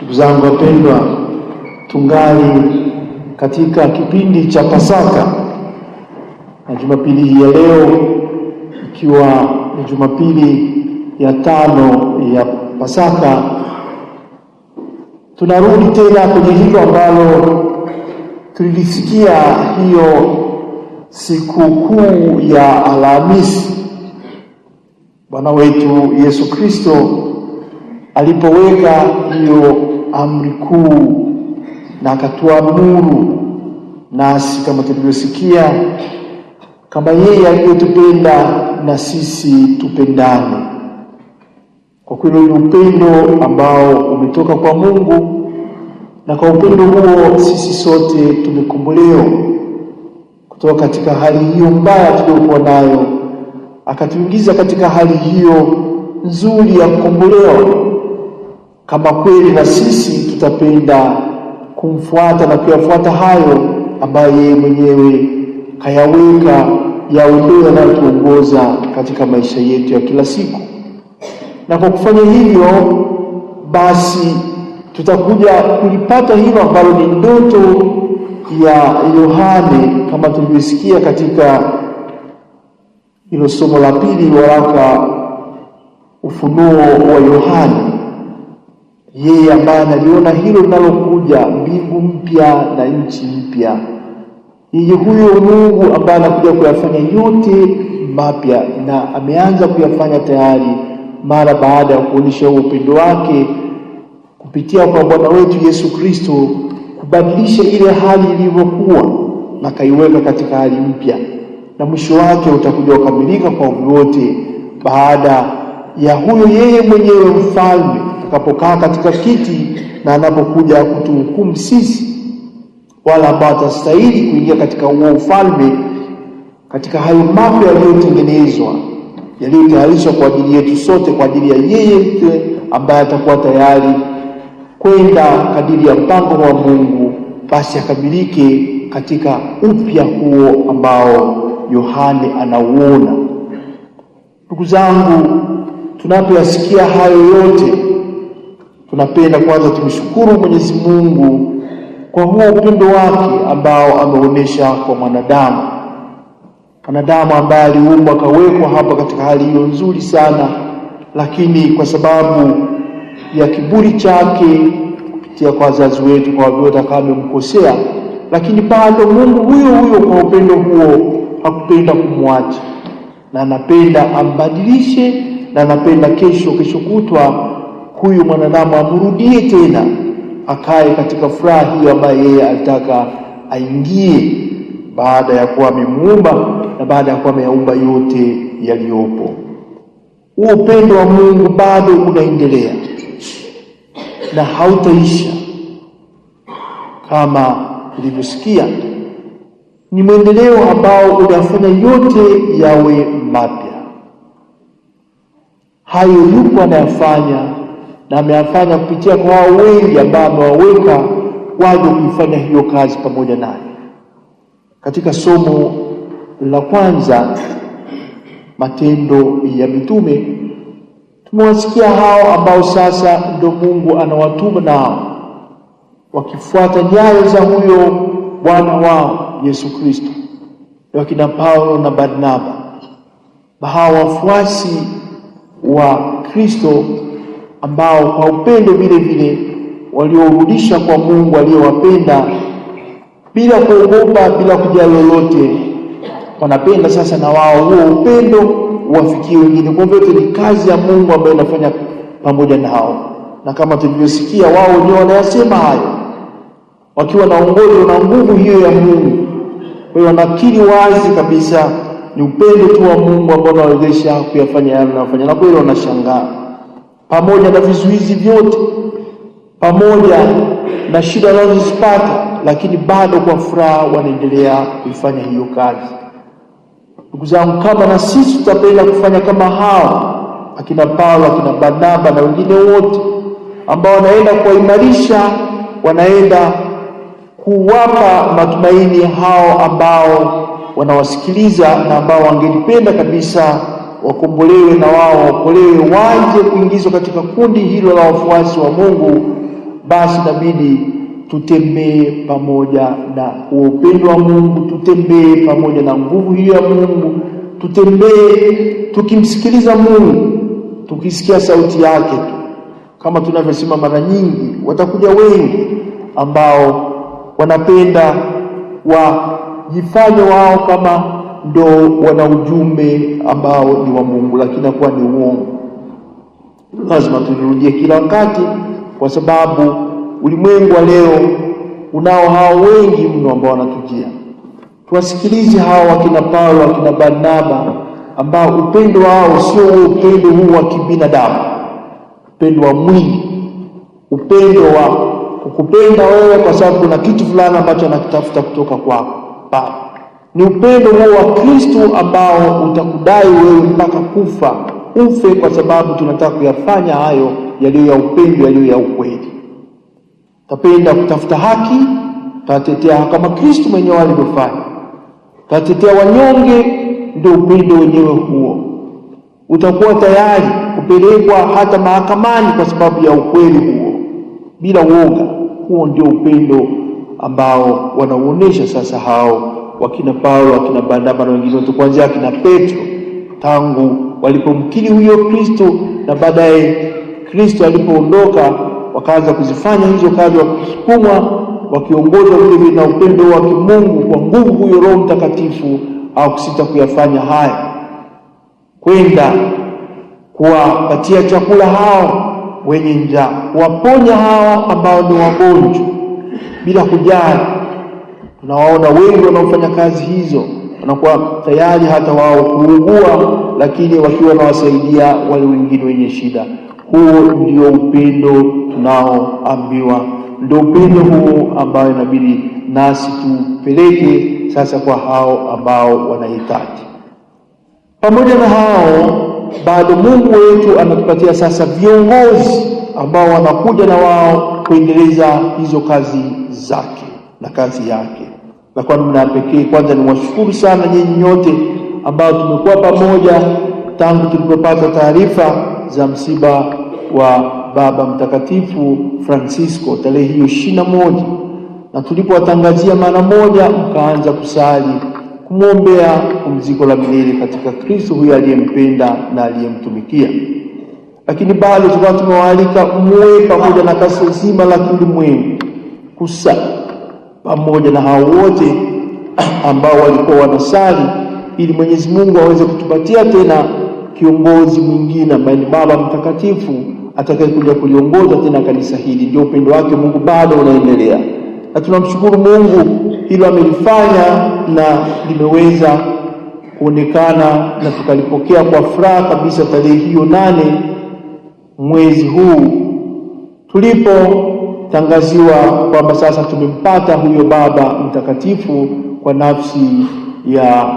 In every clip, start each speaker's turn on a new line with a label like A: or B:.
A: Ndugu zangu wapendwa, tungali katika kipindi cha Pasaka na Jumapili hii ya leo ikiwa ni Jumapili ya tano ya Pasaka, tunarudi tena kwenye hilo ambalo tulilisikia hiyo sikukuu ya Alhamisi. Bwana wetu Yesu Kristo alipoweka hiyo amri kuu na akatuamuru nasi kama tulivyosikia, kama yeye aliyotupenda na sisi tupendane. Kwa kweli ni upendo ambao umetoka kwa Mungu, na kwa upendo huo sisi sote tumekombolewa kutoka katika hali hiyo mbaya tuliyokuwa nayo, akatuingiza katika hali hiyo nzuri ya kukombolewa kama kweli na sisi tutapenda kumfuata na kuyafuata hayo ambayo yeye mwenyewe kayaweka yawe ndio yanayotuongoza katika maisha yetu ya kila siku. Na kwa kufanya hivyo, basi tutakuja kulipata hilo ambalo ni ndoto ya Yohane kama tulivyosikia katika hilo somo la pili, waraka Ufunuo wa Yohane yeye ambaye analiona hilo linalokuja, mbingu mpya na nchi mpya. Yeye huyo Mungu ambaye anakuja kuyafanya yote mapya, na ameanza kuyafanya tayari mara baada ya kuonyesha upendo wake kupitia kwa Bwana wetu Yesu Kristo, kubadilisha ile hali ilivyokuwa na kaiweka katika hali mpya, na mwisho wake utakuja kukamilika kwa wote baada ya huyo yeye mwenyewe mfalme anapokaa katika kiti na anapokuja kutuhukumu sisi, wala ambao atastahili kuingia katika huo ufalme, katika hayo mapya yaliyotengenezwa, yaliyotayarishwa kwa ajili yetu sote, kwa ajili ya mke ambaye atakuwa tayari kwenda kadiri ya mpango wa Mungu, basi akamilike katika upya huo ambao Yohane anauona. Ndugu zangu, tunapoyasikia hayo yote Tunapenda kwanza tumshukuru Mwenyezi Mungu kwa huo upendo wake ambao ameonyesha kwa mwanadamu, mwanadamu ambaye aliumbwa akawekwa hapa katika hali hiyo nzuri sana, lakini kwa sababu ya kiburi chake kupitia kwa wazazi wetu, kwa vyovyote akawa amemkosea, lakini bado Mungu huyo huyo kwa upendo huo hakupenda kumwacha, na anapenda ambadilishe, na anapenda kesho kesho kutwa huyu mwanadamu amrudie tena akae katika furaha hiyo ambayo yeye alitaka aingie, baada ya kuwa amemuumba na baada ya kuwa ameyaumba yote yaliyopo. Huo upendo wa Mungu bado unaendelea na hautaisha. Kama ilivyosikia, ni mwendeleo ambao unafanya yote yawe mapya. Hayo yuko anayafanya na ameyafanya kupitia kwa wao wengi ambao amewaweka waje kuifanya hiyo kazi pamoja naye. Katika somo la kwanza Matendo ya Mitume tumewasikia hao ambao sasa ndio Mungu anawatuma nao wakifuata nyayo za huyo bwana wao Yesu Kristo, wakina Paulo na Barnaba, hawa wafuasi wa Kristo ambao kwa upendo vile vile waliorudisha kwa Mungu aliyowapenda bila kuogopa, bila kujali lolote, wanapenda sasa na wao huo upendo uwafikie wengine. Kwa vyote ni kazi ya Mungu ambayo inafanya pamoja nao, na kama tulivyosikia, wao wenyewe wanayasema hayo wakiwa naongozo na nguvu hiyo ya Mungu. Kwa hiyo wanakiri wazi kabisa ni upendo tu wa Mungu ambao unawezesha kuyafanya yale wanayofanya, na kweli wanashangaa pamoja na vizuizi vyote, pamoja na shida wanazozipata, lakini bado kwa furaha wanaendelea kuifanya hiyo kazi. Ndugu zangu, kama na sisi tutapenda kufanya kama hao akina Paulo, akina Barnaba na wengine wote ambao wanaenda kuwaimarisha, wanaenda kuwapa matumaini hao ambao wanawasikiliza na ambao wangelipenda kabisa wakombolewe na wao waokolewe, waje kuingizwa katika kundi hilo la wafuasi wa Mungu, basi inabidi tutembee pamoja na huo upendo wa Mungu, tutembee pamoja na nguvu hiyo ya Mungu, tutembee tukimsikiliza Mungu, tukisikia sauti yake tu kama tunavyosema mara nyingi. Watakuja wengi ambao wanapenda wajifanye wao kama ndo wana ujumbe ambao ni wa Mungu, lakini akuwa ni uongo. Lazima tunirudie kila wakati, kwa sababu ulimwengu wa leo unao hao wengi mno ambao wanatujia. Tuwasikilize hao wakina Paulo, wakina Barnaba ambao upendo wao sio upendo huu wa kibinadamu, upendo wa mwili, upendo wa kukupenda wewe kwa sababu kuna kitu fulani ambacho anakitafuta kutoka kwako baba ni upendo huo wa Kristo ambao utakudai wewe mpaka kufa, ufe kwa sababu tunataka kuyafanya hayo yaliyo ya upendo, yaliyo ya ukweli. Tapenda kutafuta haki, tatetea kama Kristo mwenyewe alivyofanya, tatetea wanyonge. Ndio upendo wenyewe huo. Utakuwa tayari kupelekwa hata mahakamani kwa sababu ya ukweli huo, bila woga. Huo ndio upendo ambao wanauonesha sasa hao wakina Paulo, wakina Barnaba na wengine wote, kuanzia wakina Petro, tangu walipomkiri huyo Kristo na baadaye Kristo alipoondoka, wakaanza kuzifanya hizo kazi, wakisukumwa, wakiongozwa vilevile na upendo wa kimungu kwa nguvu huyo Roho Mtakatifu, au kusita kuyafanya haya, kwenda kuwapatia chakula hao wenye njaa, kuwaponya hawa ambao ni wagonjwa bila kujali Tunawaona wengi wanaofanya kazi hizo wanakuwa tayari hata wao kuugua, lakini wakiwa wanawasaidia wale wengine wenye shida. Huo ndio upendo tunaoambiwa, ndio upendo huo ambao inabidi nasi tupeleke sasa kwa hao ambao wanahitaji. Pamoja na hao bado Mungu wetu anatupatia sasa viongozi ambao wanakuja na wao kuendeleza hizo kazi zake na kazi yake. Na kwa namna pekee, kwanza niwashukuru sana nyinyi nyote ambao tumekuwa pamoja tangu tulipopata taarifa za msiba wa Baba Mtakatifu Francisco tarehe hiyo ishirini na moja na tulipowatangazia mara moja, mkaanza kusali kumwombea pumziko la milele katika Kristo huyo aliyempenda na aliyemtumikia. Lakini bado tukawa tumewaalika muwe pamoja na kasi zima la kiulimwengu kusa pamoja na hao wote ambao walikuwa wanasali ili Mwenyezi Mungu aweze kutupatia tena kiongozi mwingine ambaye ni Baba Mtakatifu atakayekuja kuliongoza tena kanisa hili. Ndio upendo wake Mungu bado unaendelea, na tunamshukuru Mungu hilo amelifanya na limeweza kuonekana na tukalipokea kwa furaha kabisa tarehe hiyo nane mwezi huu tulipo tangaziwa kwamba sasa tumempata huyo Baba Mtakatifu kwa nafsi ya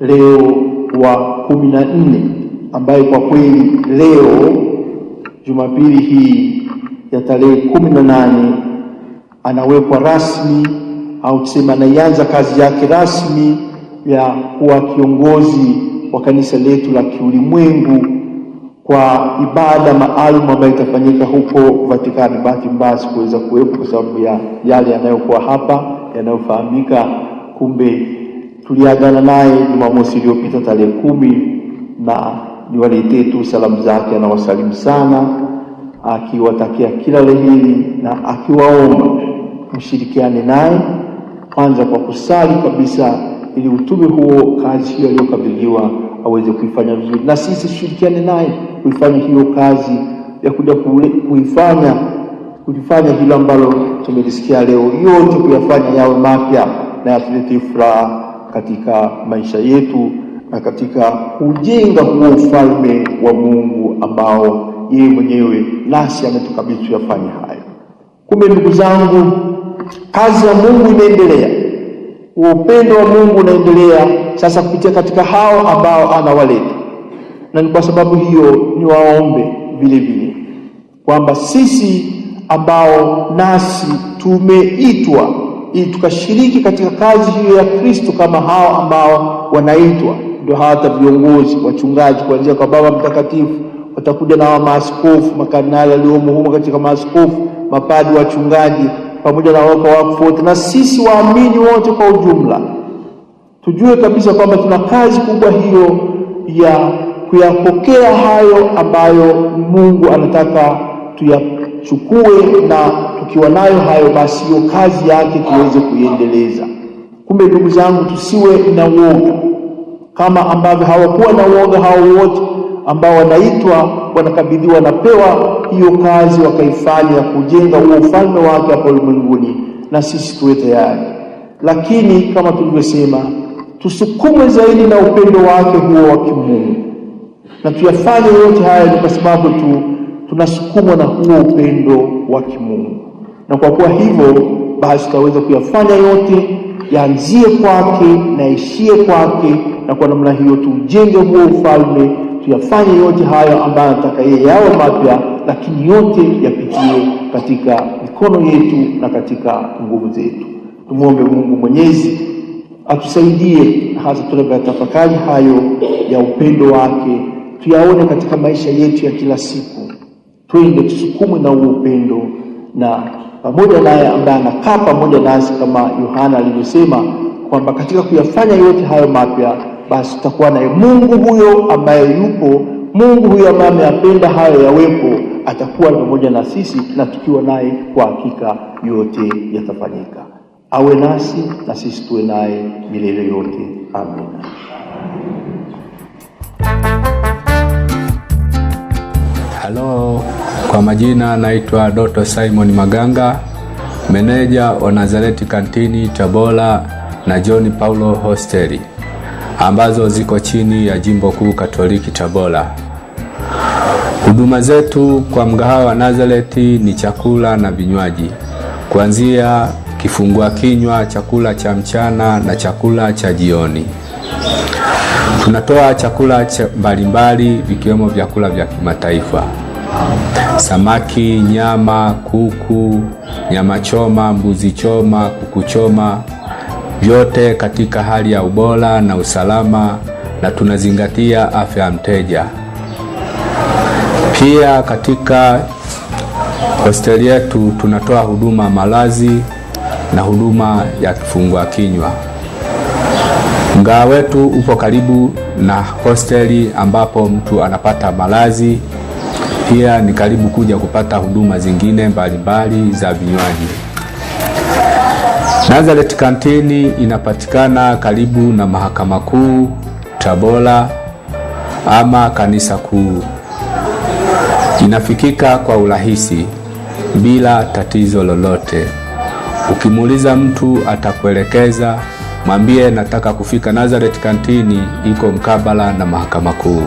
A: Leo wa kumi na nne, ambaye kwa kweli leo Jumapili hii ya tarehe kumi na nane anawekwa rasmi au tuseme anaianza kazi yake rasmi ya kuwa kiongozi wa kanisa letu la kiulimwengu kwa ibada maalum ambayo itafanyika huko Vatikani. Bahati mbaya sikuweza kuwepo kwa sababu ya yale yanayokuwa hapa yanayofahamika. Kumbe tuliagana naye Jumamosi iliyopita tarehe kumi, na niwaletee tu salamu zake. Anawasalimu sana akiwatakia kila laheri na akiwaomba mshirikiane naye kwanza kwa kusali kabisa, ili utume huo, kazi hiyo aliyokabidhiwa aweze kuifanya vizuri, na sisi tushirikiane naye kuifanya hiyo kazi ya kuja kuifanya kulifanya hilo ambalo tumelisikia leo, yote kuyafanya yawe mapya na yatulete furaha katika maisha yetu na katika kujenga huo ufalme wa Mungu ambao yeye mwenyewe nasi ametukabidhi tuyafanye hayo. Kumbe ndugu zangu, kazi ya Mungu inaendelea upendo wa Mungu unaendelea sasa kupitia katika hao ambao anawaleta, na ni kwa sababu hiyo ni waombe vile vile kwamba sisi ambao nasi tumeitwa ili tukashiriki katika kazi hiyo ya Kristo kama hao ambao wanaitwa ndio, hata viongozi wachungaji, kuanzia kwa Baba Mtakatifu watakuja na wa maaskofu, makardinali waliomo humo katika maaskofu, mapadi, wachungaji pamoja na wako wakfu wote na sisi waamini wote kwa ujumla, tujue kabisa kwamba tuna kazi kubwa hiyo ya kuyapokea hayo ambayo Mungu anataka tuyachukue, na tukiwa nayo hayo, basi hiyo kazi yake tuweze kuiendeleza. Kumbe ndugu zangu, tusiwe na uoga kama ambavyo hawakuwa na uoga hao wote ambao wanaitwa wanakabidhiwa, wanapewa hiyo kazi wakaifanya ya kujenga huo ufalme wake hapa ulimwenguni, na sisi tuwe tayari. Lakini kama tulivyosema, tusukumwe zaidi na upendo wake huo wa kimungu, na tuyafanye yote haya ni kwa sababu tu tunasukumwa na huo upendo wa kimungu, na kwa kuwa hivyo basi tutaweza kuyafanya yote yaanzie kwake na ishie kwake, na kwa namna hiyo tuujenge huo ufalme tuyafanye yote hayo ambayo anataka yeye yawe mapya, lakini yote yapitie katika mikono yetu na katika nguvu zetu. Tumwombe Mungu Mwenyezi atusaidie, hasa tunapoyatafakari hayo ya upendo wake, tuyaone katika maisha yetu ya kila siku. Twende tusukumwe na huo upendo na pamoja naye ambaye anakaa pamoja nasi, kama Yohana alivyosema kwamba katika kuyafanya yote hayo mapya basi tutakuwa naye Mungu huyo ambaye yupo, Mungu huyo ambaye ameyapenda hayo yawepo, atakuwa pamoja na sisi, na tukiwa naye kwa hakika yote yatafanyika. Awe nasi na sisi tuwe naye milele yote. Amina.
B: Halo, kwa majina naitwa Doto Simon Maganga, meneja wa Nazareti Kantini Tabora na John Paulo Hosteli ambazo ziko chini ya Jimbo Kuu Katoliki Tabora. Huduma zetu kwa mgahawa wa Nazareti ni chakula na vinywaji kuanzia kifungua kinywa, chakula cha mchana na chakula cha jioni. Tunatoa chakula mbalimbali vikiwemo vyakula vya kimataifa: samaki, nyama, kuku, nyama choma, mbuzi choma, kuku choma, vyote katika hali ya ubora na usalama, na tunazingatia afya ya mteja. Pia katika hosteli yetu tunatoa huduma malazi na huduma ya kifungua kinywa. Mgahawa wetu upo karibu na hosteli ambapo mtu anapata malazi, pia ni karibu kuja kupata huduma zingine mbalimbali za vinywaji. Nazareth Kantini inapatikana karibu na Mahakama Kuu Tabora ama Kanisa Kuu. Inafikika kwa urahisi bila tatizo lolote. Ukimuuliza mtu atakuelekeza, mwambie nataka kufika Nazareth Kantini, iko mkabala na Mahakama Kuu.